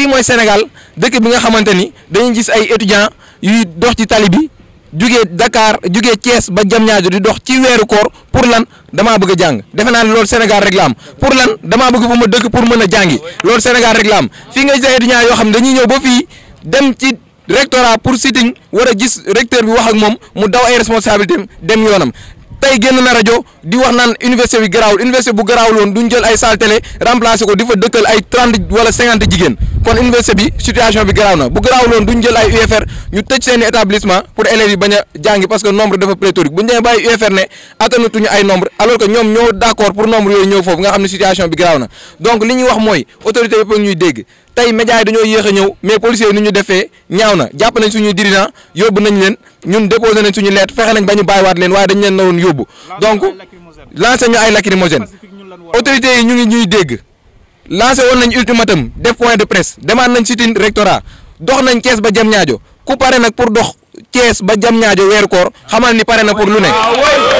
fii mooy Sénégal dëkk bi nga xamante ni dañuy gis ay étudiants yuy dox ci tali bi jugee Dakar jugee Thiès ba Diamniadio di dox ci weeru koor pour lan damaa bëgg a jàng defe naa ne loolu Sénégal rek la am pour lan damaa bëgg fu ma dëkk pour mën a jàngi loolu Sénégal rek la fii nga gis ay étudiants yoo xam ne dañuy ñëw ba fii dem ci rectorat pour sitting war a gis recteur bi wax ak moom mu daw ay responsabilités dem yoonam tey génn na rajo. di wax naan université bi garaawul université bu garaawul woon duñ jël ay salle télé ko di fa dëkkal ay trente wala cinquante jigéen kon université bi situation bi garaaw na bu garaawul woon duñ jël ay UFR ñu tëj seen i établissement pour élèves yi bañ a jàngi parce que nombre dafa pléthorique bu ñu demee bàyyi ne attanatuñu ay nombre alors que ñoom ñoo d' pour nombre yooyu ñëw foofu nga xam ne situation bi garaaw na donc li ñuy wax mooy autorité yëpp a ñëw mais lancé ñu ay lacrymogène autorité yi ñu ngi ñuy dégg lancé woon nañ ultimatum def point de presse demande nañ sit-in rectorat dox nañ kees ba jam ñaajo ku pare nag pour dox kees ba jam ñaajo weeru koor xamal ni pare na pour lu ne ah,